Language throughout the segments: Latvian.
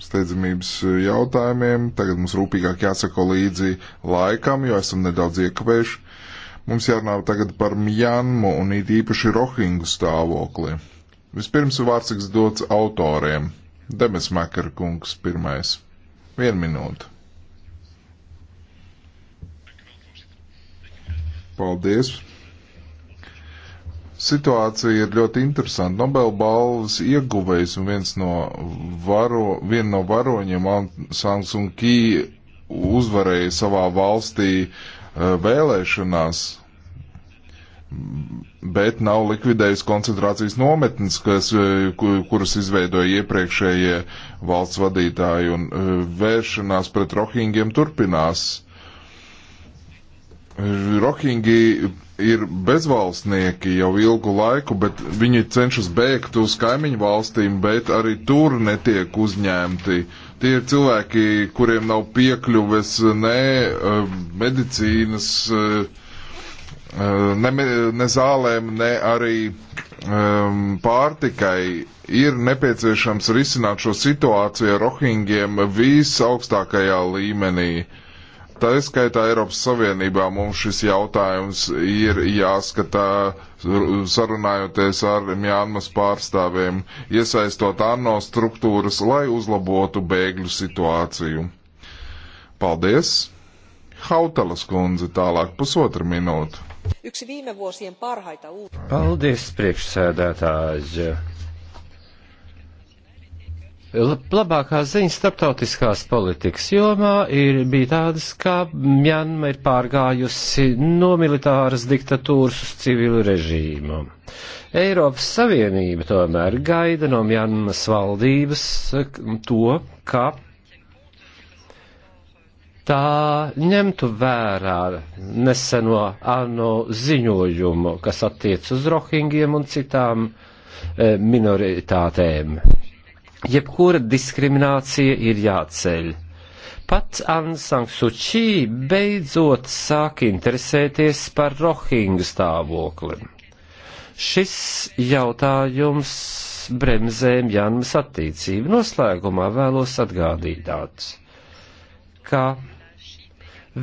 steidzamības eh, jautājumiem. Tagad mums rūpīgāk jāsako līdzi laikam, jo esam nedaudz iekavējuši. Mums jārunā tagad par Mjanmu un it īpaši Rohingu stāvokli. Vispirms vārds dots autoriem. Demes Makar kungs pirmais. Vienu minūtu. Paldies, situācija ir ļoti interesanta. Nobelbalvas ieguvējs un viens no, varo, vien no varoņiem, Samsung Kī, uzvarēja savā valstī eh, vēlēšanās, bet nav likvidējis koncentrācijas nometnes, kas, eh, kuras izveidoja iepriekšējie valsts vadītāji, un eh, vēršanās pret rohingiem turpinās Rohingi ir bezvalstnieki jau ilgu laiku, bet viņi cenšas bēgt uz kaimiņu valstīm, bet arī tur netiek uzņemti. Tie ir cilvēki, kuriem nav piekļuves ne eh, medicīnas, eh, eh, ne, ne zālēm, ne arī ehm, pārtikai. Ir nepieciešams risināt šo situāciju ar Rohingiem visaugstākajā līmenī. Uh, Tā skaitā Eiropas Savienībā mums šis jautājums ir jāskatā sarunājoties ar Mjānmas pārstāvjiem, iesaistot ANO struktūras, lai uzlabotu bēgļu situāciju. Paldies! Hautalas kundze tālāk pusotra minūte. Paldies, priekšsēdētāji! Labākā ziņa starptautiskās politikas jomā ir, bija tādas, ka Mjanma ir pārgājusi no militāras diktatūras uz civilu režīmu. Eiropas Savienība tomēr gaida no Mjanmas valdības eh, to, ka tā ņemtu vērā neseno ANO ziņojumu, kas attiec uz rohingiem un citām eh, minoritātēm jebkura diskriminācija ir jāceļ. Pat Anna Sanksučī beidzot sāk interesēties par rohingu stāvokli. Šis jautājums bremzē Mjanmas attīcību. Noslēgumā vēlos atgādīt tāds, ka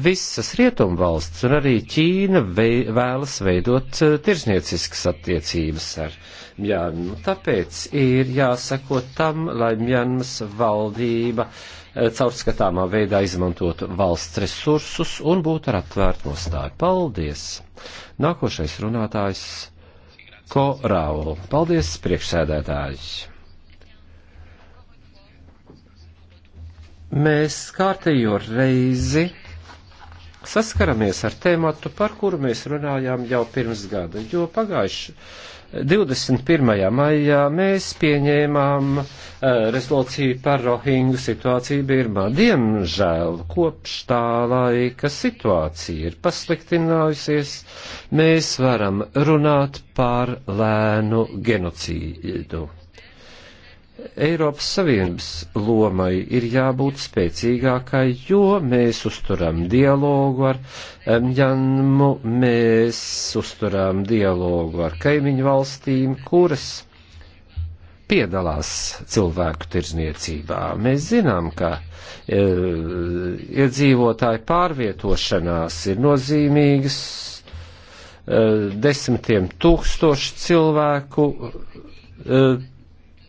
visas rietumvalsts un arī Ķīna vēlas veidot eh, tirznieciskas attiecības ar Mjanmu. Nu, tāpēc ir jāsako tam, lai Mjanmas valdība eh, caurskatāmā veidā izmantotu valsts resursus un būtu ar atvērtu nostāju. Paldies! Nākošais runātājs Korau. Paldies, priekšsēdētājs! Mēs kārtējo reizi saskaramies ar tēmatu, par kuru mēs runājām jau pirms gada, jo pagājuši 21. Eh, maijā mēs pieņēmām uh, rezolūciju par rohingu situāciju Birmā. Diemžēl kopš tā laika situācija ir pasliktinājusies, mēs varam runāt par lēnu genocīdu. Eiropas Savienības lomai ir jābūt spēcīgākai, jo mēs uzturam dialogu ar Mjanmu, mēs uzturam dialogu ar kaimiņu valstīm, kuras piedalās cilvēku tirzniecībā. Mēs zinām, ka e, iedzīvotāju pārvietošanās ir nozīmīgas e, desmitiem tūkstošu cilvēku. E,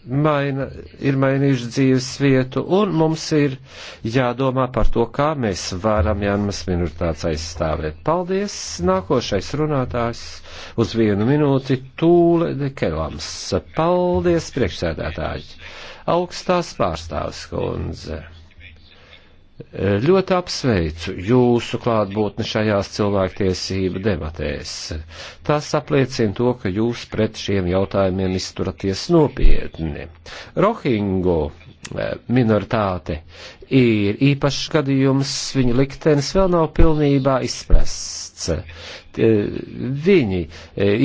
maina, ir mainījuši dzīves vietu, un mums ir jādomā par to, kā mēs varam Janmas minoritātes aizstāvēt. Paldies! Nākošais runātājs uz vienu minūti Tūle Dekelams. Paldies, priekšsēdētāji! Augstās pārstāvis kundze! Ļoti apsveicu jūsu klātbūtni šajās cilvēktiesību debatēs. Tas apliecina to, ka jūs pret šiem jautājumiem izturaties nopietni. Rohingu eh, minoritāte ir īpašs gadījums, viņa liktenis vēl nav pilnībā izprasts. Viņi e,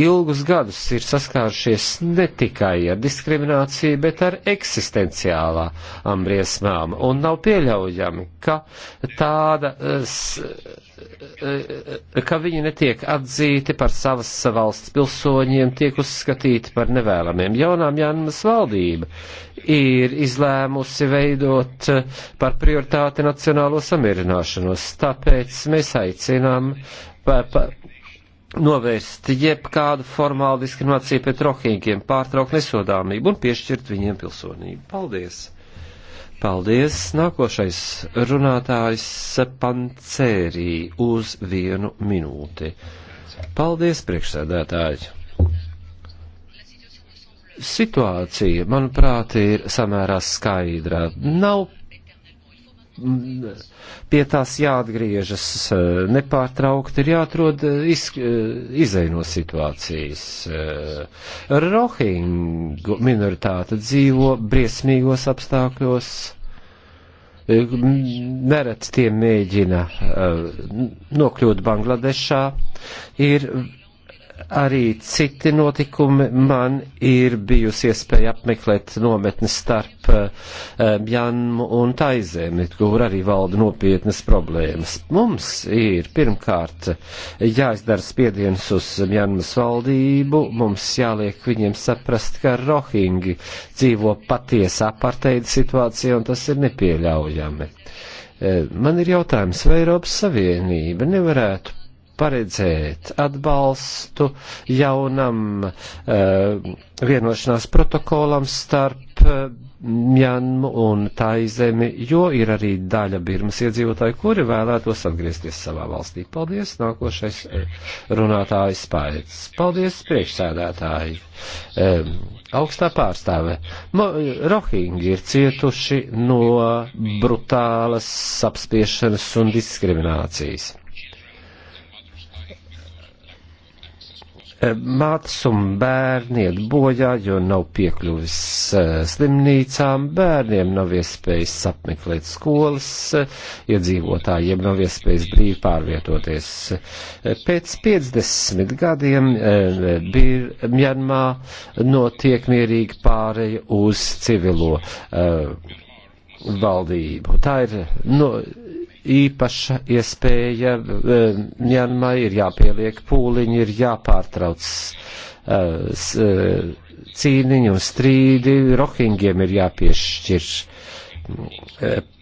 ilgus gadus ir saskārušies ne tikai ar diskrimināciju, bet ar eksistenciālām briesmām, un nav pieļaujami, ka tāda, e, e, ka viņi netiek atzīti par savas valsts pilsoņiem, tiek uzskatīti par nevēlamiem. Jaunām Jānmas valdība ir izlēmusi veidot par prioritāti nacionālo samierināšanos. Tāpēc mēs aicinām pa, pa, novērst jebkādu formālu diskrimināciju pret rohingiem, pārtraukt nesodāmību un piešķirt viņiem pilsonību. Paldies! Paldies! Nākošais runātājs Pancērī uz vienu minūti. Paldies, priekšsēdētāji! Situācija, manuprāt, ir samērā skaidra. Nav pie tās jāatgriežas eh, nepārtraukti, ir jāatrod eh, iz, eh, izēj no situācijas. Rohingu minoritāte dzīvo briesmīgos apstākļos. Nerec tie mēģina nokļūt Bangladešā. Ir arī citi notikumi. Man ir bijusi iespēja apmeklēt nometni starp eh, eh, Mjanmu um, un Taizemi, kur arī valda nopietnas problēmas. Mums ir pirmkārt jāizdara spiediens uz Mjanmas valdību, mums jāliek viņiem saprast, ka rohingi dzīvo patiesa aparteida situācija un tas ir nepieļaujami. Eh, man ir jautājums, vai Eiropas Savienība nevarētu paredzēt atbalstu jaunam uh, vienošanās protokolam starp uh, Mjanmu un Taizemi, jo ir arī daļa Birmas iedzīvotāji, kuri vēlētos atgriezties savā valstī. Paldies, nākošais eh, runātājs spējas. Paldies, priekšsēdētāji. Um, augstā pārstāve. Mo, rohingi ir cietuši no brutālas apspiešanas un diskriminācijas Eh, mātes un bērni iet bojā, jo nav piekļuvis eh, slimnīcām, bērniem nav iespējas apmeklēt skolas, eh, iedzīvotājiem nav iespējas brīvi pārvietoties. Pēc 50 gadiem Mjanmā notiek mierīga pāreja uz civilo valdību. Tā ir. No, īpaša iespēja e, Mjanmai, ir jāpieliek pūliņi, ir jāpārtrauc e, e, cīniņu un strīdi, rohingiem ir jāpiešķir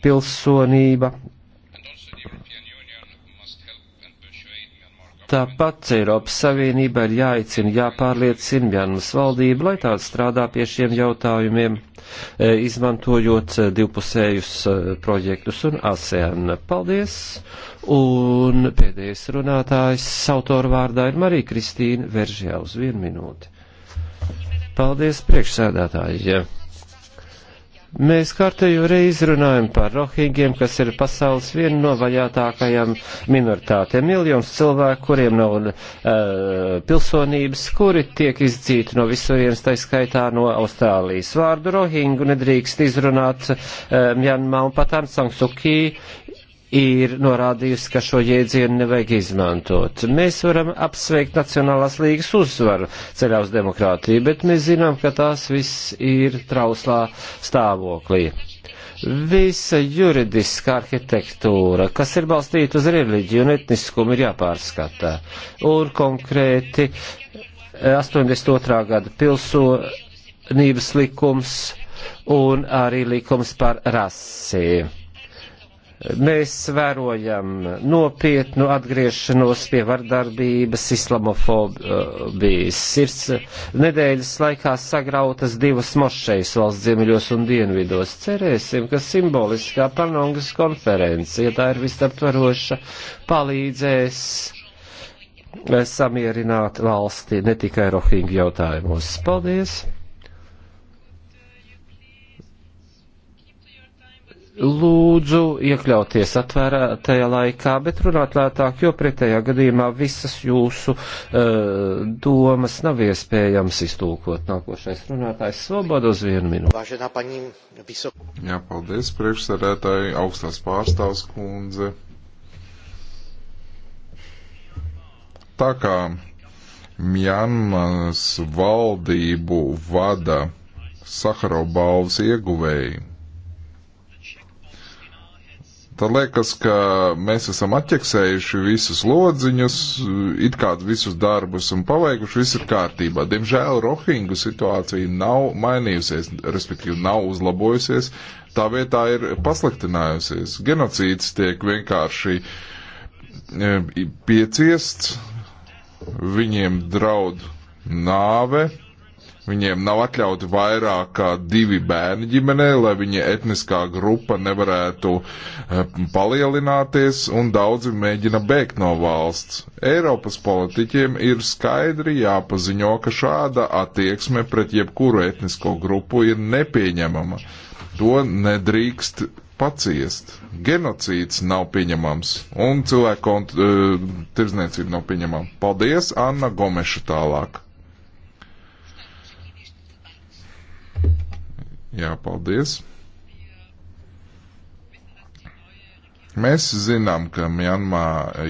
pilsonība. Tāpat Eiropas Savienība ir jāicina, jāpārliecina Mjanmas valdība, lai tā strādā pie šiem jautājumiem E, izmantojot e, divpusējus e, projektus un ASEAN. Paldies! Un pēdējais runātājs autoru vārdā ir Marija Kristīna Veržjā uz vienu minūti. Paldies priekšsēdētāji! Mēs kārtējo reizi runājam par rohingiem, kas ir pasaules viena no vajātākajām minoritātēm. Miljons cilvēku, kuriem nav uh, pilsonības, kuri tiek izdzīti no visurienes, tā skaitā no Austrālijas. Vārdu rohingu nedrīkst izrunāt uh, Mjanmā un pat Ansang Sukī ir norādījusi, ka šo jēdzienu nevajag izmantot. Mēs varam apsveikt Nacionālās līgas uzvaru ceļā uz demokrātiju, bet mēs zinām, ka tās viss ir trauslā stāvoklī. Visa juridiska arhitektūra, kas ir balstīta uz reliģiju un etniskumu, ir jāpārskatā. Un konkrēti 82. gada pilsonības likums un arī likums par rasi mēs vērojam nopietnu atgriešanos pie vardarbības, islamofobijas. Ir nedēļas laikā sagrautas divas mošejas valsts ziemeļos un dienvidos. Cerēsim, ka simboliskā panongas konference, ja tā ir visaptvaroša, palīdzēs samierināt valsti ne tikai rohingu jautājumos. Paldies! Lūdzu, iekļauties atvērtajā laikā, bet runāt lētāk, jo pretējā gadījumā visas jūsu uh, domas nav iespējams iztūkot. Nākošais runātājs Svoboda uz vienu minūti. Jā, paldies, priekšsēdētāji, augstās pārstāvs kundze. Tā kā Mjanmas valdību vada Saharobalvas ieguvēji tad liekas, ka mēs esam atķeksējuši visus lodziņus, it kā visus darbus un paveikuši, viss ir kārtībā. Diemžēl Rohingu situācija nav mainījusies, respektīvi nav uzlabojusies, tā vietā ir pasliktinājusies. Genocīds tiek vienkārši e, pieciests, viņiem draud nāve Viņiem nav atļauti vairāk kā divi bērni ģimenē, lai viņa etniskā grupa nevarētu eh, palielināties, un daudzi mēģina bēgt no valsts. Eiropas politiķiem ir skaidri jāpaziņo, ka šāda attieksme pret jebkuru etnisko grupu ir nepieņemama. To nedrīkst paciest. Genocīds nav pieņemams, un cilvēku eh, tirzniecība nav pieņemama. Paldies, Anna Gomeša tālāk. Jā, paldies. Mēs zinām, ka Mjanmā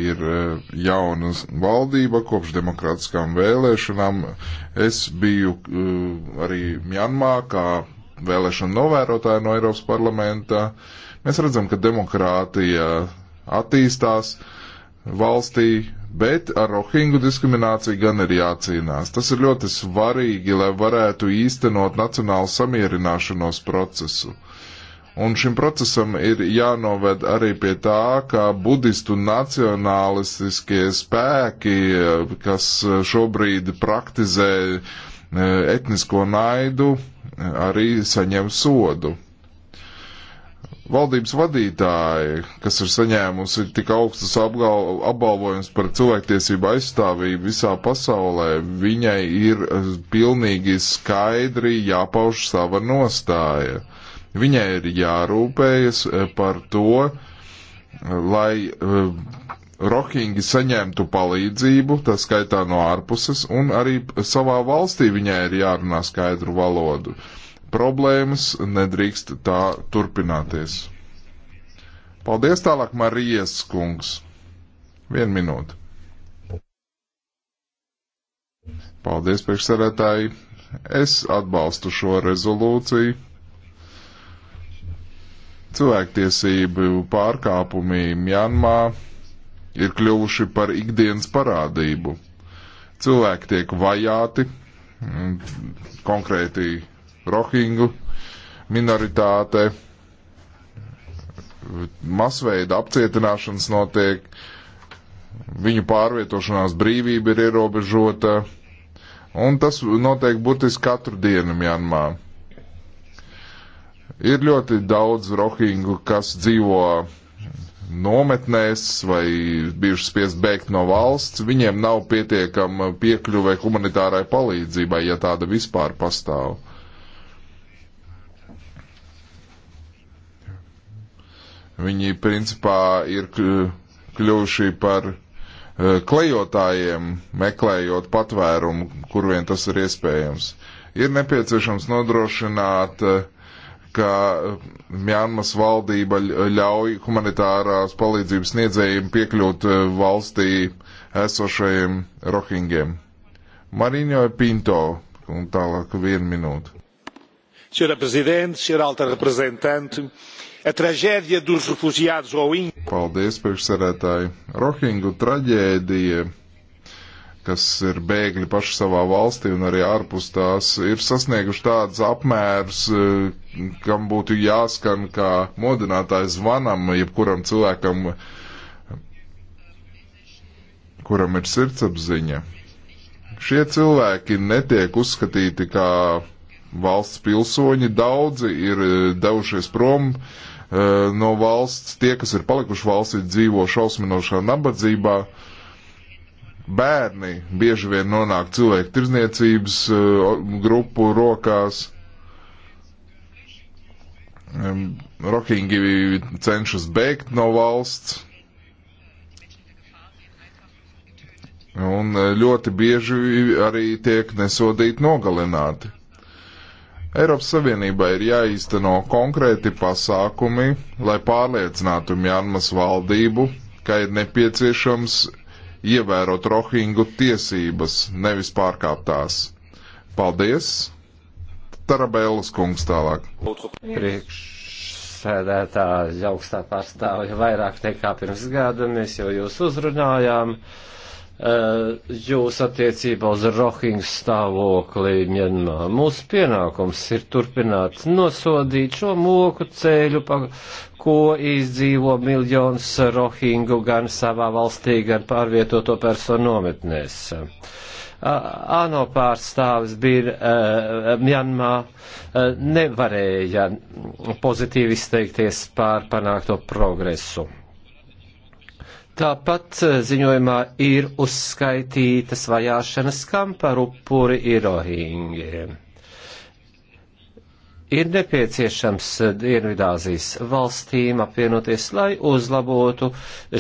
ir eh, jauna valdība kopš demokrātiskām vēlēšanām. Es biju uh, arī Mjanmā kā vēlēšana novērotāja no Eiropas parlamenta. Mēs redzam, ka demokrātija attīstās valstī, Bet ar rohingu diskrimināciju gan ir jācīnās. Tas ir ļoti svarīgi, lai varētu īstenot nacionālu samierināšanos procesu. Un šim procesam ir jānoved arī pie tā, ka budistu nacionālistiskie spēki, kas šobrīd praktizē e, etnisko naidu, arī saņem sodu valdības vadītāji, kas ir saņēmusi tik augstas apbalvojums par cilvēktiesību aizstāvību visā pasaulē, viņai ir eh, pilnīgi skaidri jāpauž sava nostāja. Viņai ir jārūpējas eh, par to, eh, lai Rohingi saņemtu palīdzību, tā skaitā no ārpuses, un arī savā valstī viņai ir jārunā skaidru valodu. Uh, problēmas nedrīkst tā turpināties. Paldies tālāk, Marijas kungs. Vienu minūti. Paldies, priekšsarētāji. Es atbalstu šo rezolūciju. Cilvēktiesību pārkāpumi Mjanmā ir kļuvuši par ikdienas parādību. Cilvēki tiek vajāti, konkrēti rohingu minoritāte, masveida apcietināšanas notiek, viņu pārvietošanās brīvība ir ierobežota, un tas notiek burtiski katru dienu Mjanmā. Ir ļoti daudz rohingu, kas dzīvo nometnēs vai bijuši spiest bēgt no valsts, viņiem nav pietiekama piekļuve humanitārai palīdzībai, ja tāda vispār pastāv. Viņi principā ir kļuvuši par eh, klejotājiem, meklējot patvērumu, kur vien tas ir iespējams. Ir nepieciešams nodrošināt, eh, ka eh, Mjānmas valdība ļauj humanitārās palīdzības sniedzējiem piekļūt valstī esošajiem rohingiem. Mariņo Pinto, un tālāk vienu minūtu. Senhora Presidente, senhora Alta Representante, A tragēdija dos refugiados Rohingya. Paldies, priekšsarētāji. Rohingu traģēdija, kas ir bēgļi paši savā valstī un arī ārpus tās, ir sasnieguši tādus apmērus, eh, kam būtu jāskan kā modinātājs vanam, jebkuram cilvēkam, kuram ir sirdsapziņa. Šie cilvēki netiek uzskatīti kā valsts pilsoņi, daudzi ir eh, devušies prom Eh, no valsts, tie, kas ir palikuši valstī, dzīvo šausminošā nabadzībā. Bērni bieži vien nonāk cilvēku tirzniecības eh, grupu rokās. Rohingi cenšas bēgt no valsts. Un eh, ļoti bieži arī tiek nesodīti nogalināti. Eiropas Savienībai ir jāīsteno konkrēti pasākumi, lai pārliecinātu Mjanmas valdību, ka ir nepieciešams ievērot rohingu tiesības, nevis pārkāptās. Paldies! Tarabēlas kungs tālāk. Priekš sēdētāja augstā pārstāvja vairāk nekā pirms gada mēs jau jūs uzrunājām. Uh, Eh, jūs attiecībā uz Rohingu stāvokli Mjanmā. Mūsu pienākums ir turpināt nosodīt šo moku ceļu, pa ko izdzīvo miljons Rohingu gan savā valstī, gan pārvietoto personu nometnēs. ANO pārstāvis bija uh, eh, Mjanmā, uh, nevarēja pozitīvi izteikties pār panākto progresu. Tāpat eh, ziņojumā ir uzskaitītas vajāšanas, kam par upuri ir rohingi ir nepieciešams Dienvidāzijas valstīm apvienoties, lai uzlabotu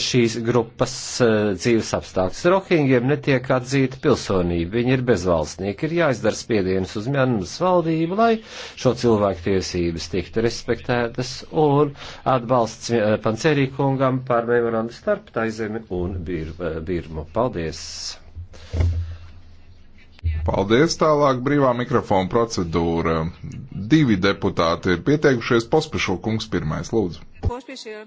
šīs grupas eh, dzīves apstākļus. Rohingiem netiek atzīta pilsonība, viņi ir bezvalstnieki, ir jāizdara spiediens uz Mjanmas valdību, lai šo cilvēku tiesības tiktu respektētas un atbalsts eh, Pancerī kungam par memorandu starp Taizemi un Bir eh, Birmu. Paldies! Paldies! Tālāk brīvā mikrofona procedūra. Divi deputāti ir pieteikušies. Pospešo kungs pirmais, lūdzu. Pospešie.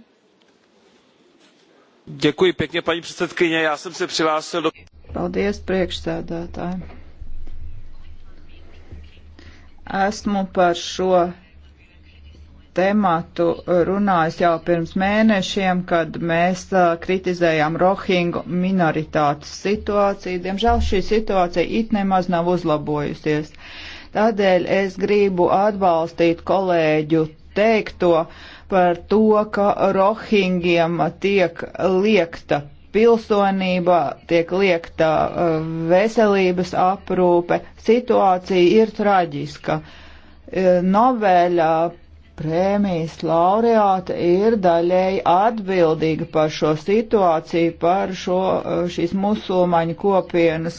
Děkuji pěkně, paní předsedkyně. Já jsem se přihlásil do... Paldies, priekšsēdētāji. Esmu par šo tematu runājis jau pirms mēnešiem, kad mēs kritizējām rohingu minoritātes situāciju. Diemžēl šī situācija it nemaz nav uzlabojusies. Tādēļ es gribu atbalstīt kolēģu teikto par to, ka rohingiem tiek liekta pilsonība, tiek liekta veselības aprūpe. Situācija ir traģiska. Novēļa prēmijas laureāta ir daļēji atbildīga par šo situāciju, par šo, eh, šīs musulmaņu kopienas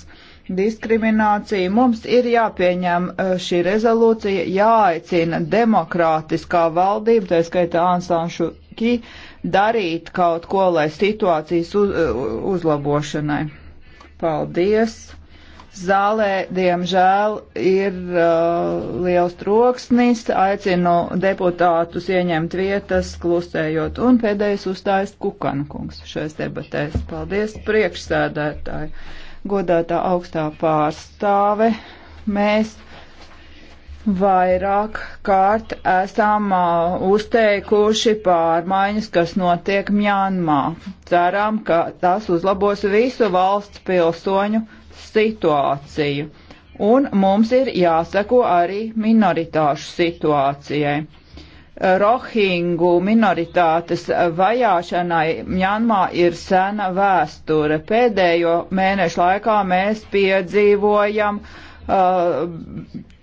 diskrimināciju. Mums ir jāpieņem eh, šī rezolūcija, jāaicina demokrātiskā valdība, tā skaitā Ansanšu Ki, darīt kaut ko, lai situācijas uz, eh, uzlabošanai. Paldies! Zālē, diemžēl, ir uh, liels troksnis. Aicinu deputātus ieņemt vietas, klusējot. Un pēdējais uzstājas Kukankungs šais debatēs. Paldies, priekšsēdētāji. Godātā augstā pārstāve. Mēs vairāk kārt esam uh, uzteikuši pārmaiņas, kas notiek Mjanmā. Ceram, ka tas uzlabos visu valsts pilsoņu situāciju. Un mums ir jāseko arī minoritāšu situācijai. Rohingu minoritātes vajāšanai Mjanmā ir sena vēsture. Pēdējo mēnešu laikā mēs piedzīvojam uh,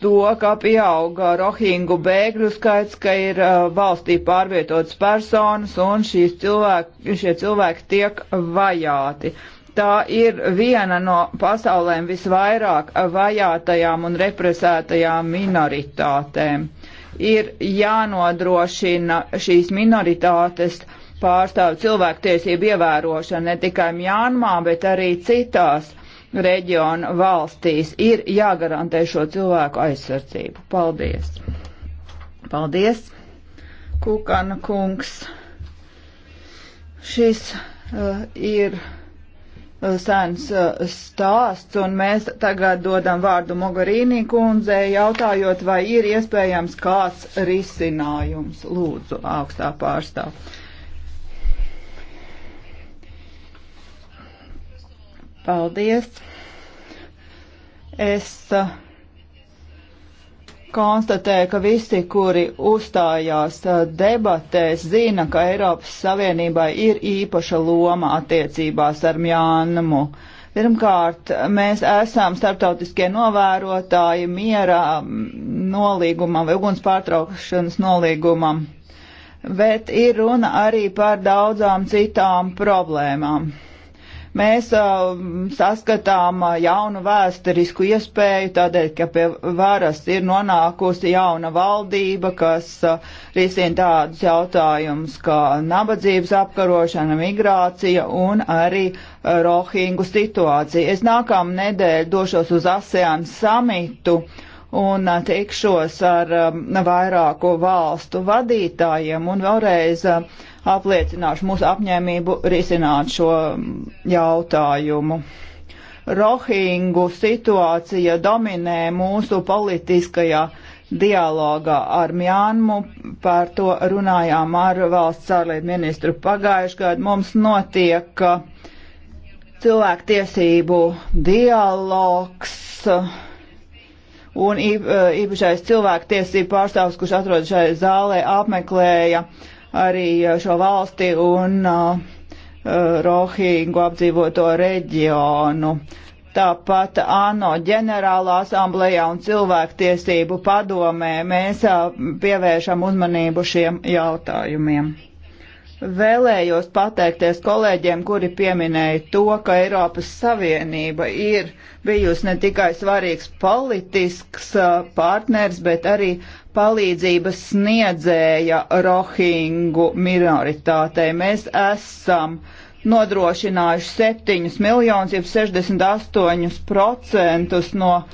to, ka pieauga rohingu bēgļu skaits, ka ir uh, valstī pārvietotas personas un cilvēki, šie cilvēki tiek vajāti. Tā ir viena no pasaulēm visvairāk vajātajām un represētajām minoritātēm. Ir jānodrošina šīs minoritātes pārstāvu cilvēktiesību ievērošana ne tikai Mjānmā, bet arī citās reģiona valstīs. Ir jāgarantē šo cilvēku aizsardzību. Paldies! Paldies, Kukana kungs! Šis uh, ir Uh, sens uh, stāsts, un mēs tagad dodam vārdu Mogarīnī kundzei, jautājot, vai ir iespējams kāds risinājums. Lūdzu, augstā pārstāv. Paldies. Es uh, konstatēja, ka visi, kuri uzstājās uh, debatēs, zina, ka Eiropas Savienībai ir īpaša loma attiecībās ar Mjānmu. Pirmkārt, mēs esam starptautiskie novērotāji miera nolīgumam vai uguns pārtraukšanas nolīgumam, bet ir runa arī par daudzām citām problēmām Mēs uh, saskatām jaunu vēsturisku iespēju, tādēļ, ka pie varas ir nonākusi jauna valdība, kas uh, risina tādus jautājumus kā nabadzības apkarošana, migrācija un arī uh, rohingu situācija. Es nākamā nedēļa došos uz ASEAN samitu un tikšos ar vairāku valstu vadītājiem un vēlreiz uh, apliecināšu mūsu apņēmību risināt šo jautājumu. Rohingu situācija dominē mūsu politiskajā dialogā ar Mjānmu, par to runājām ar valsts ārlietu ministru pagājušajā gadā. Mums notiek uh, cilvēktiesību dialogs un uh, īpašais cilvēktiesību pārstāvs, kurš atrodas šai zālē, apmeklēja uh, arī eh, šo valsti un uh, Rohingu apdzīvoto reģionu. Tāpat ANO ģenerālā asamblējā un cilvēktiesību padomē mēs pievēršam uzmanību šiem jautājumiem. Vēlējos pateikties kolēģiem, kuri pieminēja to, ka Eiropas Savienība ir bijusi ne tikai svarīgs politisks uh, partners, bet arī palīdzības sniedzēja rohingu minoritātei. Mēs esam nodrošinājuši 7 miljonus, jeb 68% no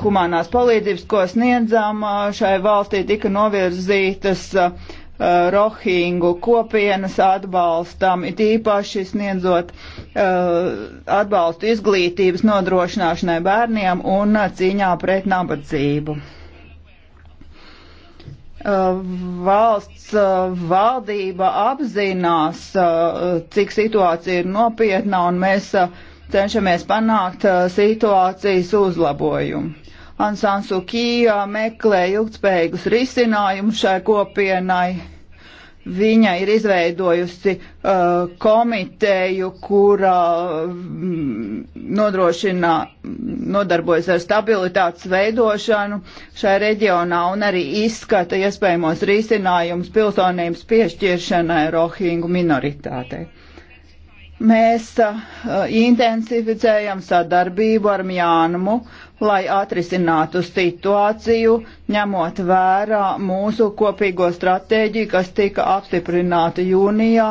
humanās palīdzības, ko sniedzām uh, šai valstī, tika novirzītas uh, Uh, rohingu kopienas atbalstam, it īpaši sniedzot uh, atbalstu izglītības nodrošināšanai bērniem un uh, cīņā pret nabadzību. Valsts valdība apzinās, cik situācija ir nopietna, un mēs cenšamies panākt situācijas uzlabojumu. Ansan Sukija uh, meklē ilgspējīgus risinājumus šai kopienai. Viņa ir izveidojusi uh, komiteju, kura mm, nodrošina, nodarbojas ar stabilitātes veidošanu šajā reģionā un arī izskata iespējamos risinājumus pilsonības piešķiršanai rohingu minoritātei. Mēs uh, eh, intensificējam sadarbību ar Mjānumu, lai atrisinātu situāciju, ņemot vērā mūsu kopīgo stratēģiju, kas tika apstiprināta jūnijā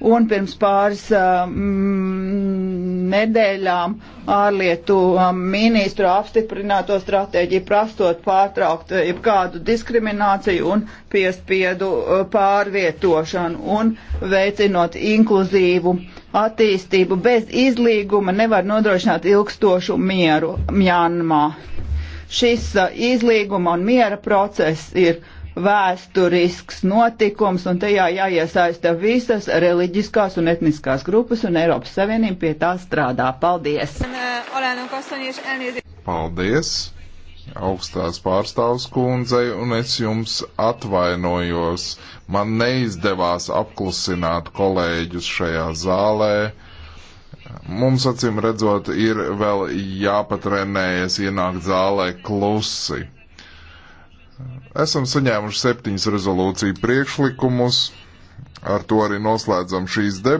Un pirms pāris um, nedēļām ārlietu um, ministru apstiprināto stratēģiju prastot pārtraukt uh, jebkādu diskrimināciju un piespiedu uh, pārvietošanu un veicinot inkluzīvu attīstību. Bez izlīguma nevar nodrošināt ilgstošu mieru Mjanmā. Šis uh, izlīguma un miera process ir uh, vēsturisks notikums, un tajā jāiesaista visas reliģiskās un etniskās grupas, un Eiropas Savienība pie tā strādā. Paldies! Paldies! augstās pārstāvs kundzei, un es jums atvainojos. Man neizdevās apklusināt kolēģus šajā zālē. Mums, acīm redzot, ir vēl jāpatrenējas ienākt zālē klusi. Esam saņēmuši septiņas rezolūciju priekšlikumus. Ar to arī noslēdzam šīs debatas.